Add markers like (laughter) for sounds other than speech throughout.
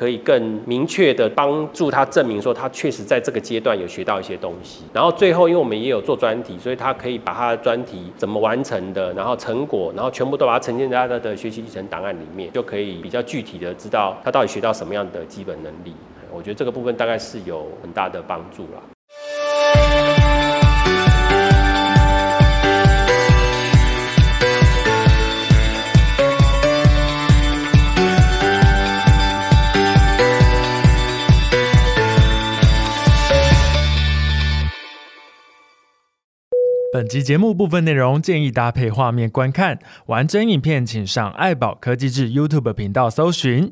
可以更明確的幫助他證明說他確實在這個階段有學到一些東西。然後最後，因為我們也有做專題，所以他可以把他的專題怎麼完成的，然後成果，然後全部都把它呈現在他的的學習歷程檔案裡面，就可以比較具體的知道他到底學到什麼樣的基本能力。我覺得這個部分大概是有很大的幫助啦。本集節目部分內容建議搭配畫面觀看，完整影片請上艾葆科技誌 YouTube 頻道搜尋。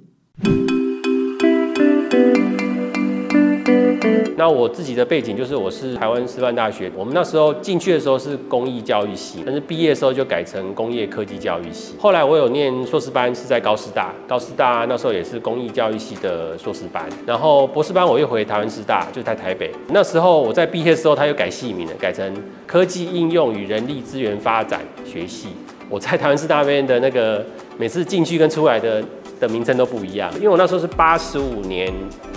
那我自己的背景就是，我是台灣師範大學，我們那時候進去的時候是工藝教育系，但是畢業的時候就改成工業科技教育系。後來我有念碩士班，是在高師大，高師大那時候也是工藝教育系的碩士班。然後博士班我又回台灣師大，就在台北。那時候我在畢業的時候，他又改系名了，改成科技應用與人力資源發展學系。我在台灣師大那邊的那個，每次進去跟出來的。的名稱都不一樣，因為我那時候是八十五年，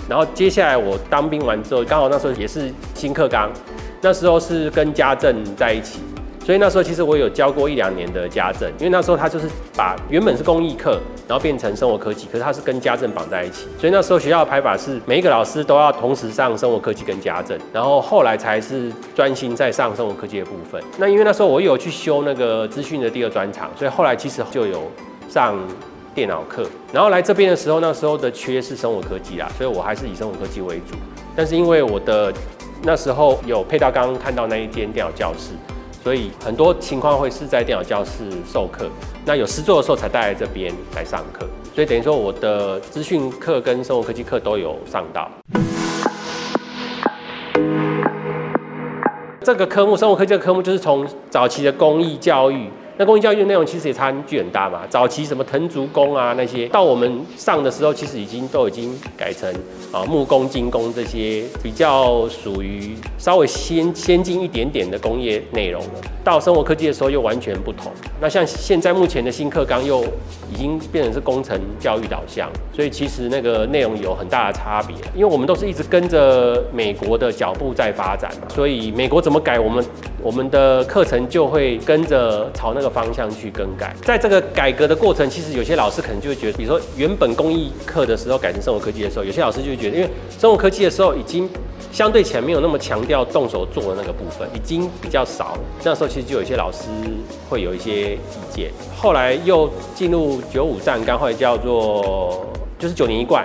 然後接下來我當兵完之後，剛好那時候也是新課綱，那時候是跟家政在一起，所以那時候其實我有教過一兩年的家政，因為那時候他就是把原本是工藝課，然後變成生活科技，可是他是跟家政綁在一起，所以那時候學校的排法是每一個老師都要同時上生活科技跟家政，然後後來才是專心在上生活科技的部分。那因為那時候我有去修那個資訊的第二專長，所以後來其實就有上電腦課，然後來這邊的時候，那時候的缺是生活科技啦，所以我還是以生活科技為主。但是因為我的那時候有配到剛剛看到那一間電腦教室，所以很多情況會是在電腦教室授課。那有實作的時候才帶來這邊來上課，所以等於說我的資訊課跟生活科技課都有上到。這個科目，生活科技的科目就是從早期的工藝教育。那工藝教育的內容其實也差距很大嘛。早期什麼藤竹工啊那些，到我們上的時候其實已經都已經改成啊木工、金工這些比較屬於稍微先先進一點點的工業內容了。到生活科技的時候又完全不同。那像現在目前的新課綱又已經變成是工程教育導向，所以其實那個內容有很大的差別。因為我們都是一直跟着美國的腳步在發展嘛，所以美國怎麼改我們我們的課程就會跟着朝那個。方向去更改，在這個改革的過程，其實有些老師可能就會覺得，比如說原本工藝課的時候改成生活科技的時候，有些老師就會覺得，因為生活科技的時候已經相對起來沒有那麼強調動手做的那個部分已經比較少了，那時候其實就有些老師會有一些意見。後來又進入九五站，剛會叫做就是九年一貫，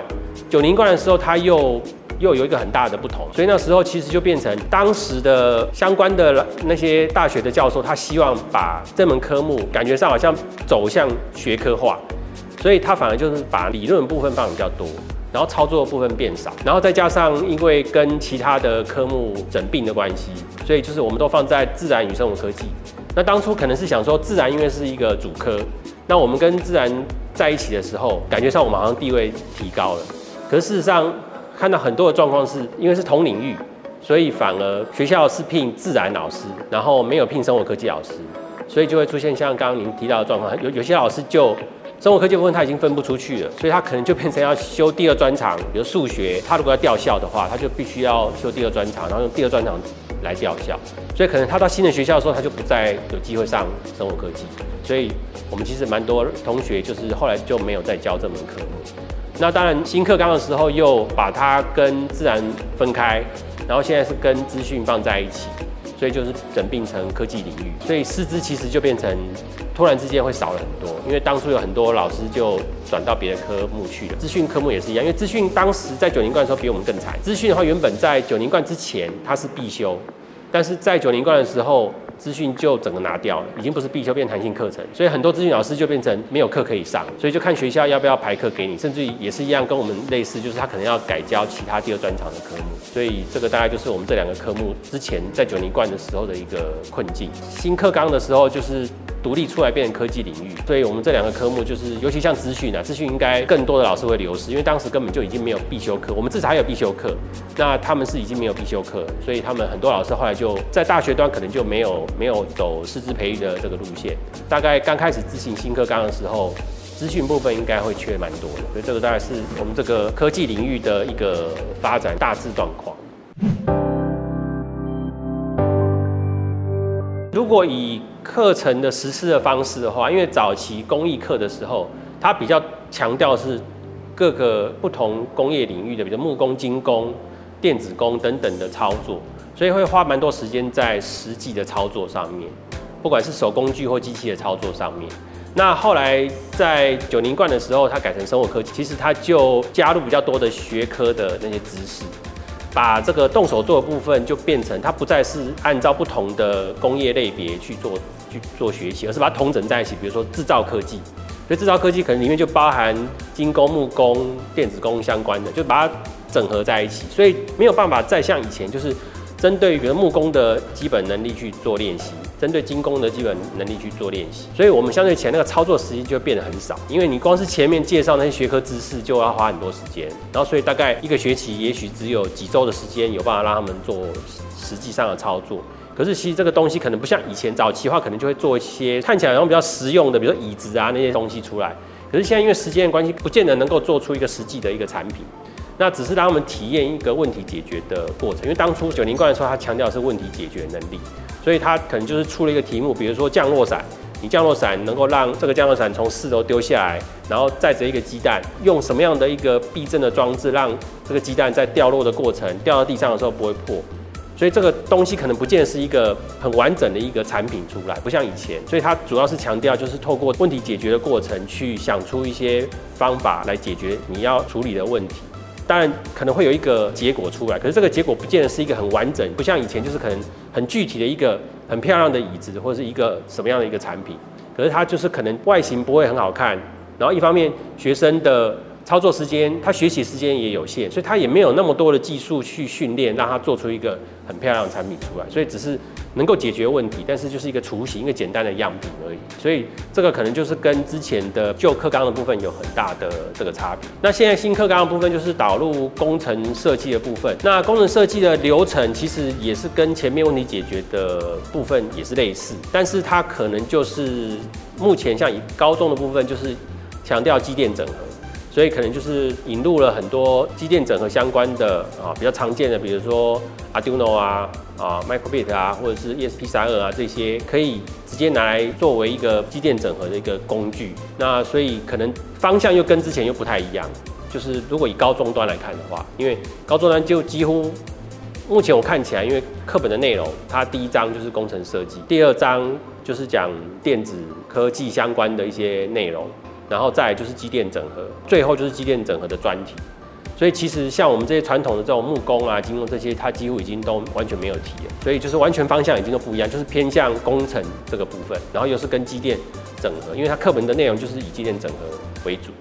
九年一貫的時候，他又。又有一個很大的不同，所以那時候其實就變成當時的相關的那些大學的教授，他希望把這門科目感覺上好像走向學科化，所以他反而就是把理論部分放比較多，然後操作的部分變少，然後再加上因為跟其他的科目整併的關係，所以就是我們都放在自然與生活科技。那當初可能是想說自然因為是一個主科，那我們跟自然在一起的時候，感覺上我們好像地位提高了，可事實上。看到很多的狀況是，因為是同領域，所以反而學校是聘自然老師，然後沒有聘生活科技老師，所以就會出現像剛剛您提到的狀況，有有些老師就生活科技部分他已經分不出去了，所以他可能就變成要修第二專長，比如數學，他如果要調校的話，他就必須要修第二專長，然後用第二專長來調校，所以可能他到新的學校的時候，他就不再有機會上生活科技，所以我們其實蠻多同學就是後來就沒有再教這門課。那當然，新課綱的時候又把它跟自然分開，然後現在是跟資訊放在一起，所以就是整併成科技領域。所以師資其實就變成突然之間會少了很多，因為當初有很多老師就轉到別的科目去了。資訊科目也是一樣，因為資訊當時在九年一貫的時候比我們更慘。資訊的話，原本在九年一貫之前它是必修，但是在九年一貫的時候。資訊就整個拿掉了，已經不是必修變彈性課程，所以很多資訊老師就變成沒有課可以上，所以就看學校要不要排課給你，甚至於也是一樣跟我們類似，就是他可能要改教其他第二專長的科目，所以這個大概就是我們這兩個科目之前在九年一貫的時候的一個困境。新課綱的時候就是。獨立出來變成科技領域，所以我們這兩個科目就是，尤其像資訊啊，資訊應該更多的老師會流失，因為當時根本就已經沒有必修課，我們至少還有必修課，那他們是已經沒有必修課，所以他們很多老師後來就在大學端可能就沒有沒有走師資培育的這個路線，大概剛開始執行新課綱的時候，資訊部分應該會缺蠻多的，所以這個大概是我們這個科技領域的一個發展大致狀況。如果以課程的實施的方式的話，因為早期工藝課的時候，它比較強調是各個不同工業領域的，比如木工、金工、電子工等等的操作，所以會花蠻多時間在實際的操作上面，不管是手工具或機器的操作上面。那後來在九年一貫的時候，它改成生活科技，其實它就加入比較多的學科的那些知識。把這個動手做的部分就變成，它不再是按照不同的工業類別去做去做學習，而是把它統整在一起。比如說製造科技，所以製造科技可能裡面就包含金工、木工、電子工相關的，就把它整合在一起。所以沒有辦法再像以前，就是針對原木工的基本能力去做練習。針對金工的基本能力去做練習，所以我們相對前那個操作時間就會變得很少，因為你光是前面介紹那些學科知識就要花很多時間，然後所以大概一個學期也許只有幾周的時間有辦法讓他們做實際上的操作。可是其實這個東西可能不像以前早期的話，可能就會做一些看起來好像比較實用的，比如說椅子啊那些東西出來。可是現在因為時間的關係，不見得能夠做出一個實際的一個產品，那只是讓他們體驗一個問題解決的過程。因為當初九年一貫的時候，他強調的是問題解決能力。所以它可能就是出了一個題目，比如說降落傘，你降落傘能夠讓這個降落傘從四樓丟下來，然後載著一個雞蛋，用什麼樣的一個避震的裝置，讓這個雞蛋在掉落的過程掉到地上的時候不會破。所以這個東西可能不見得是一個很完整的一個產品出來，不像以前。所以它主要是強調，就是透過問題解決的過程，去想出一些方法來解決你要處理的問題。當然可能會有一個結果出來，可是這個結果不見得是一個很完整，不像以前就是可能很具體的一個很漂亮的椅子或者是一個什麼樣的一個產品，可是它就是可能外形不會很好看，然後一方面學生的。操作時間，他學習時間也有限，所以他也沒有那麼多的技術去訓練，讓他做出一個很漂亮的產品出來。所以只是能夠解決問題，但是就是一個雛形、一個簡單的樣品而已。所以這個可能就是跟之前的舊課綱的部分有很大的這個差別。那現在新課綱的部分就是導入工程設計的部分。那工程設計的流程其實也是跟前面問題解決的部分也是類似，但是它可能就是目前像以高中的部分就是強調機電整合。所以可能就是引入了很多機電整合相關的啊，比較常見的，比如說 Arduino 啊、啊 Microbit 啊，或者是 ESP32 啊，這些可以直接拿來作為一個機電整合的一個工具。那所以可能方向又跟之前又不太一樣。就是如果以高中端來看的話，因為高中端就幾乎目前我看起來，因為課本的內容，它第一章就是工程設計，第二章就是講電子科技相關的一些內容。然後再來就是機電整合，最後就是機電整合的專題。所以其實像我們這些傳統的這種木工啊、金工這些，它幾乎已經都完全沒有體驗。所以就是完全方向已經都不一樣，就是偏向工程這個部分，然後又是跟機電整合，因為它課本的內容就是以機電整合為主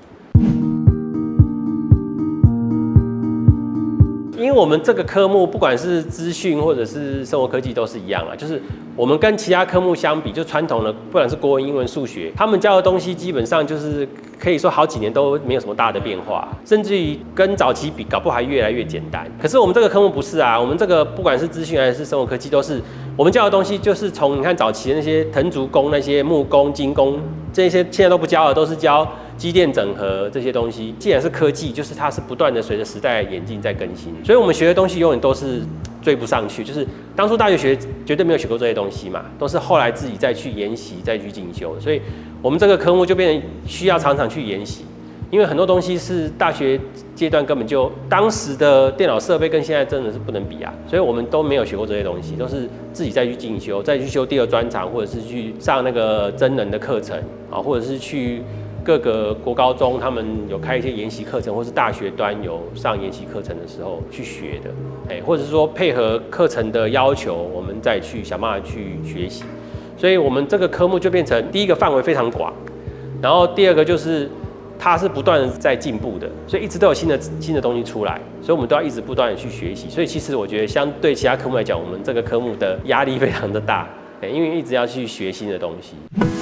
因為我們這個科目，不管是資訊或者是生活科技，都是一樣啊。就是我們跟其他科目相比，就傳統的，不管是國文、英文、數學，他們教的東西基本上就是可以說好幾年都沒有什麼大的變化，甚至於跟早期比，搞不好還越來越簡單。可是我們這個科目不是啊，我們這個不管是資訊還是生活科技，都是我們教的東西，就是從你看早期那些藤竹工、那些木工、金工這些，現在都不教了，都是教。機電整合這些東西，既然是科技，就是它是不斷的隨着時代演進在更新，所以我們學的東西永遠都是追不上去。就是當初大學學絕對沒有學過這些東西嘛，都是後來自己再去研習、再去進修。所以，我們這個科目就變得需要常常去研習，因為很多東西是大學階段根本就當時的電腦設備跟現在真的是不能比啊，所以我們都沒有學過這些東西，都是自己再去進修、再去修第二專長，或者是去上那個真人的課程啊，或者是去。各個國高中他們有開一些研習課程，或是大學端有上研習課程的時候去學的，誒、哎，或者是說配合課程的要求，我們再去想辦法去學習。所以，我們這個科目就變成第一個範圍非常廣，然後第二個就是它是不斷地在進步的，所以一直都有新的新的東西出來，所以我們都要一直不斷的去學習。所以，其實我覺得相對其他科目來講，我們這個科目的壓力非常的大，哎，因為一直要去學新的東西。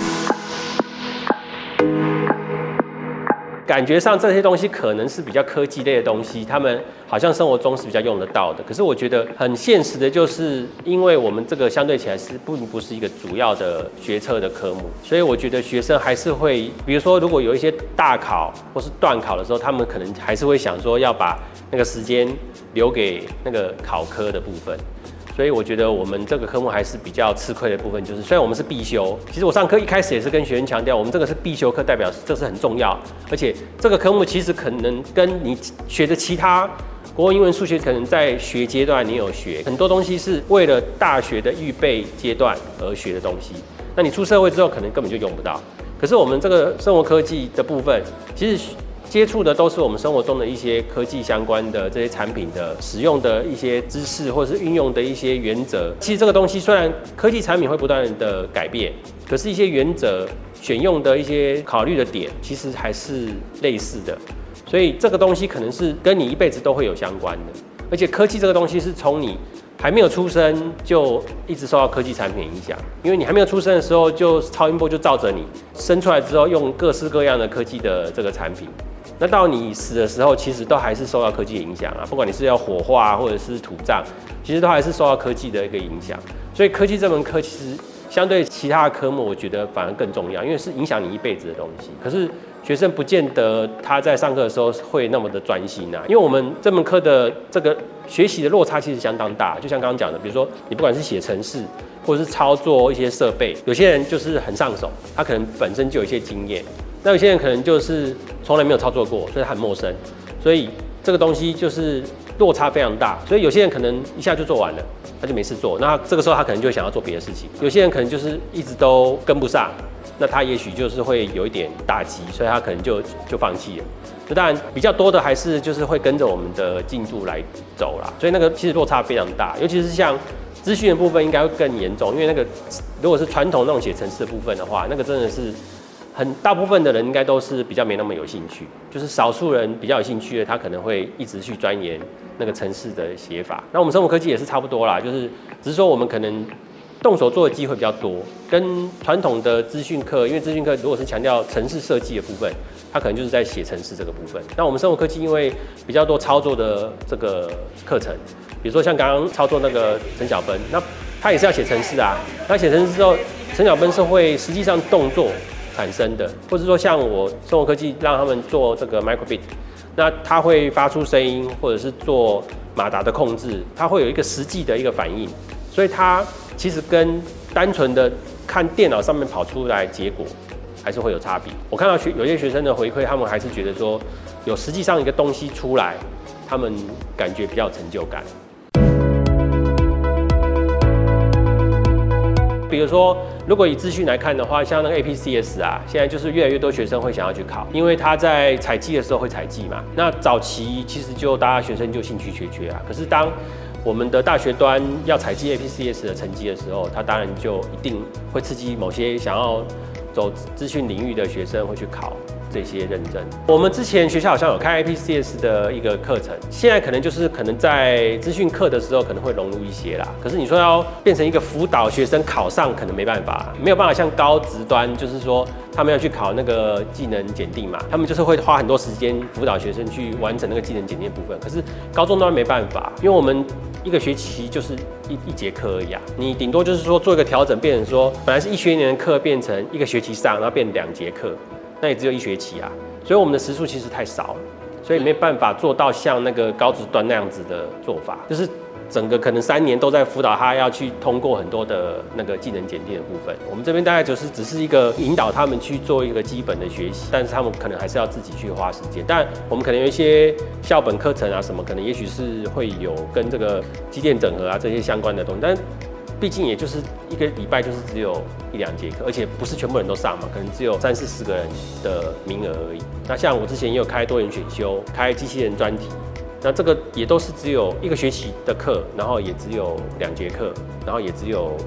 感覺上這些東西可能是比較科技類的東西，他們好像生活中是比較用得到的。可是我覺得很現實的，就是因為我們這個相對起來是並不是一個主要的學測的科目，所以我覺得學生還是會，比如說如果有一些大考或是段考的時候，他們可能還是會想說要把那個時間留給那個考科的部分。所以我覺得我們這個科目還是比較吃虧的部分，就是雖然我們是必修，其實我上課一開始也是跟學生強調，我們這個是必修課，代表這是很重要。而且這個科目其實可能跟你學的其他國文、英文、數學，可能在學階段你有學很多東西，是為了大學的預備階段而學的東西。那你出社會之後，可能根本就用不到。可是我們這個生活科技的部分，其實，接觸的都是我們生活中的一些科技相關的這些產品的使用的一些知識，或者是運用的一些原則。其實這個東西雖然科技產品會不斷的改變，可是一些原則、選用的一些考慮的點其實還是類似的。所以這個東西可能是跟你一輩子都會有相關的。而且科技這個東西是從你還沒有出生就一直受到科技產品影響，因為你還沒有出生的時候就超音波就照着你，生出來之後，用各式各樣的科技的這個產品。那到你死的時候，其實都還是受到科技的影響啊。不管你是要火化或者是土葬，其實都還是受到科技的一個影響。所以科技這門課其實相對其他的科目，我覺得反而更重要，因為是影響你一輩子的東西。可是學生不見得他在上課的時候會那麼的專心啊，因為我們這門課的這個學習的落差其實相當大。就像剛剛講的，比如說你不管是寫程式，或者是操作一些設備，有些人就是很上手，他可能本身就有一些經驗。那有些人可能就是從來沒有操作過，所以很陌生，所以這個東西就是落差非常大。所以有些人可能一下就做完了，他就沒事做。那這個時候他可能就想要做別的事情。有些人可能就是一直都跟不上，那他也許就是會有一點打擊，所以他可能就就放棄了。就當然比較多的還是就是會跟着我們的進度來走啦。所以那個其實落差非常大，尤其是像資訊的部分應該會更嚴重，因為那個如果是傳統那種寫程式的部分的話，那個真的是。很大部分的人應該都是比較沒那麼有興趣，就是少數人比較有興趣的，他可能會一直去鑽研那個程式的寫法。那我們生活科技也是差不多啦，就是只是說我們可能動手做的機會比較多。跟傳統的資訊課，因為資訊課如果是強調程式設計的部分，它可能就是在寫程式這個部分。那我們生活科技因為比較多操作的這個課程，比如說像剛剛操作那個陳小芬，那他也是要寫程式啊。那寫程式之後，陳小芬是會實際上動作。產生的，或者說像我生活科技讓他們做這個 microbit，那它會發出聲音，或者是做馬達的控制，它會有一個實際的一個反應，所以它其實跟單純的看電腦上面跑出來結果，還是會有差別。我看到學有些學生的回饋，他們還是覺得說有實際上一個東西出來，他們感覺比較有成就感。比如說，如果以資訊來看的話，像那個 APCS 啊，現在就是越來越多學生會想要去考，因為他在採計的時候會採計嘛。那早期其實就大家學生就興趣缺缺啊，可是當我們的大學端要採計 APCS 的成績的時候，他當然就一定會刺激某些想要走資訊領域的學生會去考。這些認證，我們之前學校好像有開 IPCS 的一個課程，現在可能就是可能在資訊課的時候可能會融入一些啦。可是你說要變成一個輔導學生考上，可能沒辦法，沒有辦法像高職端，就是說他們要去考那個技能檢定嘛，他們就是會花很多時間輔導學生去完成那個技能檢定的部分。可是高中端沒辦法，因為我們一個學期就是一一節課而已啊，你頂多就是說做一個調整，變成說本來是一學年的課變成一個學期上，然後變兩節課。那也只有一學期啊，所以我們的時數其實太少了，所以沒辦法做到像那個高職端那樣子的做法，就是整個可能三年都在輔導他要去通過很多的那個技能檢定的部分。我們這邊大概就是只是一個引導他們去做一個基本的學習，但是他們可能還是要自己去花時間。但我們可能有一些校本課程啊，什麼可能也許是會有跟這個機電整合啊這些相關的東西，但。畢竟也就是一個禮拜，就是只有一兩節課，而且不是全部人都上嘛，可能只有三四十個人的名額而已。那像我之前也有開多元選修，開機器人專題，那這個也都是只有一個學期的課，然後也只有兩節課，然後也只有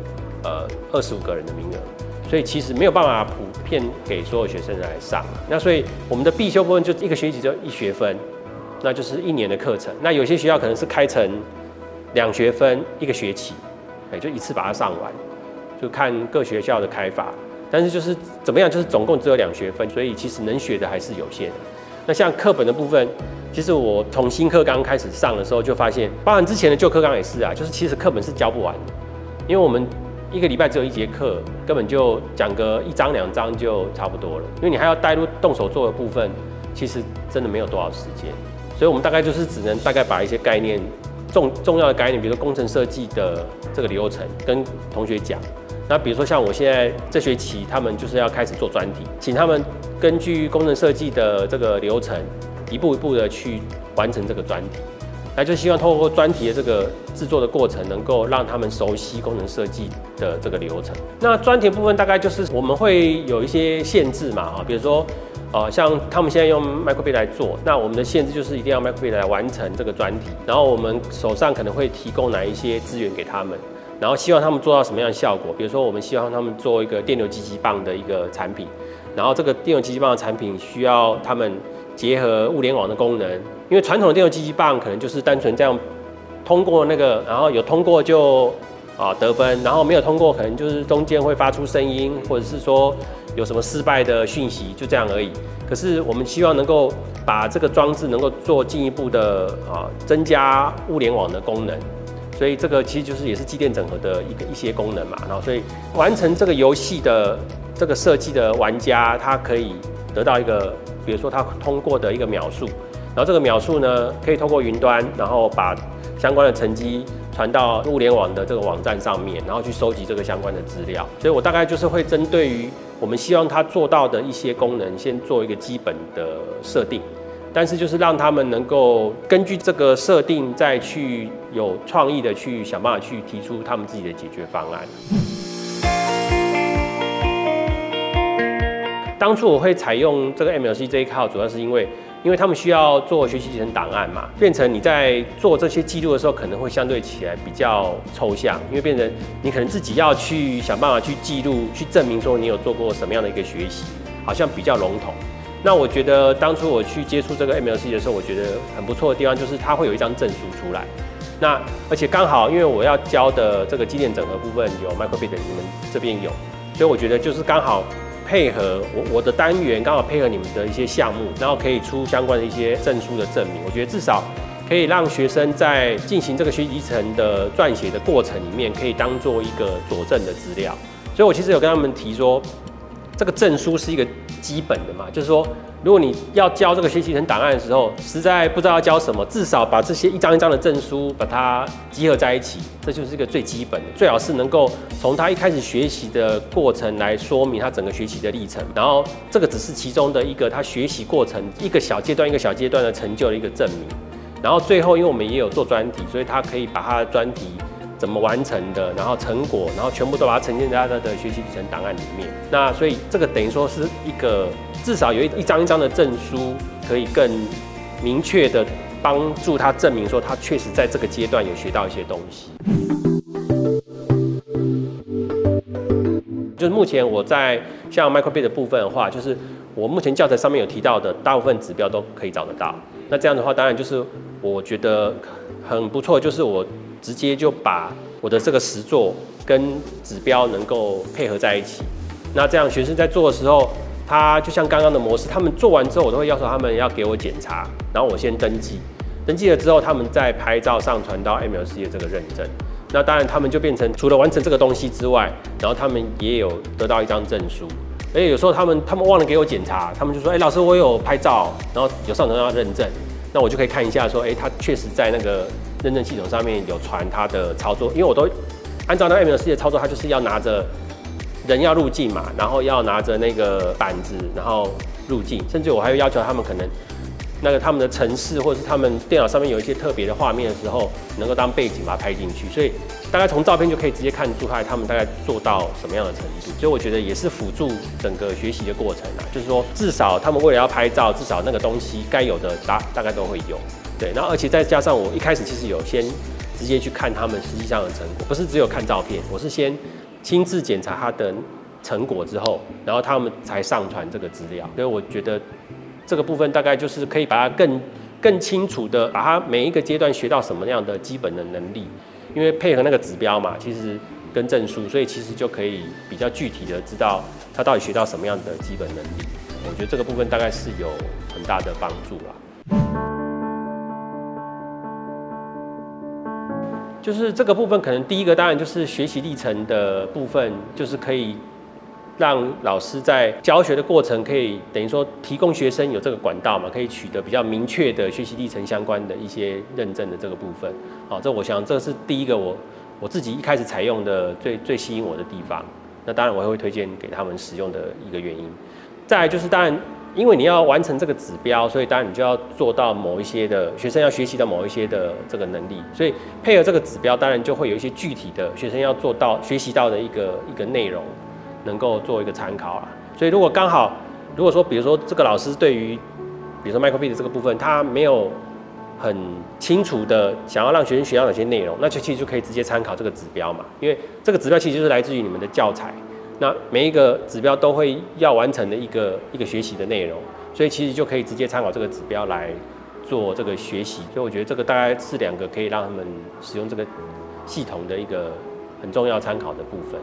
呃二十五個人的名額，所以其實沒有辦法普遍給所有學生來上嘛。那所以我們的必修部分就一個學期就一學分，那就是一年的課程。那有些學校可能是開成兩學分一個學期。就一次把它上完，就看各學校的開法。但是就是怎麼樣，就是總共只有兩學分，所以其實能學的還是有限。那像課本的部分，其實我從新課綱開始上的時候就發現，包含之前的舊課綱也是啊，就是其實課本是教不完的，因為我們一個禮拜只有一節課，根本就講個一章兩章就差不多了。因為你還要帶入動手做的部分，其實真的沒有多少時間，所以我們大概就是只能大概把一些概念。重重要的概念，比如說工程設計的這個流程，跟同學講。那比如說像我現在這學期，他們就是要開始做專題，請他們根據工程設計的這個流程，一步一步的去完成這個專題。那就希望透過專題的這個製作的過程，能夠讓他們熟悉工程設計的這個流程。那專題的部分大概就是我們會有一些限制嘛，啊，比如說。像他們現在用 Micro:bit 來做，那我們的限制就是一定要 Micro:bit 來完成這個專題。然後我們手上可能會提供哪一些資源給他們，然後希望他們做到什麼樣的效果？比如說，我們希望他們做一個電流急急棒的一個產品，然後這個電流急急棒的產品需要他們結合物聯網的功能，因為傳統的電流急急棒可能就是單純這樣通過那個，然後有通過就。啊，得分，然後沒有通過，可能就是中間會發出聲音，或者是說有什麼失敗的訊息，就這樣而已。可是我們希望能夠把這個裝置能夠做進一步的啊，增加物聯網的功能，所以這個其實就是也是機電整合的一個一些功能嘛。然後，所以完成這個遊戲的這個設計的玩家，他可以得到一個，比如說他通過的一個秒數，然後這個秒數呢，可以透過雲端，然後把相關的成績。傳到物聯網的這個網站上面，然後去收集這個相關的資料。所以我大概就是會針對於我們希望他做到的一些功能，先做一個基本的設定，但是就是讓他們能夠根據這個設定，再去有創意的去想辦法去提出他們自己的解決方案。 (music) 當初我會採用這個 MLC 這一套，主要是因為。因為他們需要做學習歷程檔案嘛，變成你在做這些記錄的時候，可能會相對起來比較抽象，因為變成你可能自己要去想辦法去記錄，去證明說你有做過什麼樣的一個學習，好像比較籠統。那我覺得當初我去接觸這個 MLC 的時候，我覺得很不錯的地方就是它會有一張證書出來。那而且剛好，因為我要教的這個機電整合部分有 Microbit，你們這邊有，所以我覺得就是剛好。配合我我的單元剛好配合你們的一些項目，然後可以出相關的一些證書的證明。我覺得至少可以讓學生在進行這個學習歷程的撰寫的過程裡面，可以當做一個佐證的資料。所以我其實有跟他們提說，這個證書是一個基本的嘛，就是說，如果你要交這個學習歷程檔案的時候，實在不知道要交什麼，至少把這些一張一張的證書把它集合在一起，這就是一個最基本的。最好是能夠從他一開始學習的過程來說明他整個學習的歷程。然後這個只是其中的一個他學習過程一個小階段一個小階段的成就的一個證明。然後最後，因為我們也有做專題，所以他可以把他的專題。怎麼完成的，然後成果，然後全部都把它呈現在他的學習歷程檔案裡面。那所以這個等於說是一個至少有一一張一張的證書，可以更明確的幫助他證明說他確實在這個階段有學到一些東西。嗯、就是目前我在像 Microbit 的部分的話，就是我目前教材上面有提到的大部分指標都可以找得到。那這樣的話，當然就是我覺得很不錯，就是我。直接就把我的這個實作跟指標能夠配合在一起。那這樣學生在做的時候，他就像剛剛的模式，他們做完之後，我都會要求他們要給我檢查，然後我先登記，登記了之後，他們再拍照上傳到 MLC 的這個認證。那當然，他們就變成除了完成這個東西之外，然後他們也有得到一張證書。而且有時候他們他們忘了給我檢查，他們就說：“哎，老師，我有拍照，然後有上傳到認證。”那我就可以看一下，說：“哎，他確實在那個。”認證系統上面有傳他的操作，因為我都按照那個 MLC 的操作，他就是要拿着人要入鏡嘛，然後要拿着那個板子，然後入鏡，甚至我還會要求他們可能那個他們的城市或者是他們電腦上面有一些特別的畫面的時候，能夠當背景把它拍進去，所以大概從照片就可以直接看出來他們大概做到什麼樣的程度，所以我覺得也是輔助整個學習的過程啊，就是說至少他們為了要拍照，至少那個東西該有的大大概都會有。對，然後而且再加上我一開始其實有先直接去看他們實際上的成果，不是只有看照片，我是先親自檢查他的成果之後，然後他們才上傳這個資料。所以我覺得這個部分大概就是可以把它更更清楚的，把它每一個階段學到什麼樣的基本的能力，因為配合那個指標嘛，其實跟證書，所以其實就可以比較具體的知道他到底學到什麼樣的基本能力。我覺得這個部分大概是有很大的幫助啦。就是這個部分，可能第一個當然就是學習歷程的部分，就是可以讓老師在教學的過程，可以等於說提供學生有這個管道嘛，可以取得比較明確的學習歷程相關的一些認證的這個部分。好，這我想這是第一個我我自己一開始採用的最最吸引我的地方。那當然我也會推薦給他們使用的一個原因。再來就是當然。因為你要完成這個指標，所以當然你就要做到某一些的學生要學習的某一些的這個能力。所以配合這個指標，當然就會有一些具體的學生要做到學習到的一個一個內容，能夠做一個參考啊。所以如果剛好，如果說比如說這個老師對於，比如說 micro:bit 這個部分，他沒有很清楚的想要讓學生學到哪些內容，那就其實就可以直接參考這個指標嘛，因為這個指標其實就是來自於你們的教材。那每一個指標都會要完成的一個一個學習的內容，所以其實就可以直接參考這個指標來做這個學習。所以我覺得這個大概是兩個可以讓他們使用這個系統的一個很重要參考的部分。